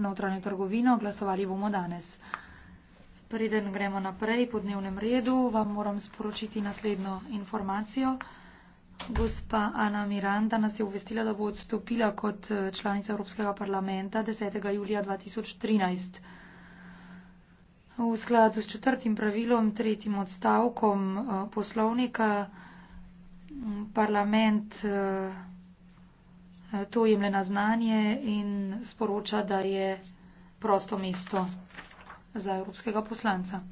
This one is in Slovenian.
notranjo trgovino. Glasovali bomo danes. Preden gremo naprej po dnevnem redu, vam moram sporočiti naslednjo informacijo. Gospa Ana Miranda nas je uvestila, da bo odstopila kot eh, članica Evropskega parlamenta 10. julija 2013. V skladu s četrtim pravilom, tretjim odstavkom eh, poslovnika, parlament eh, Eh, to jemlje na znanje in sporoča, da je prosto mesto za evropskega poslanca.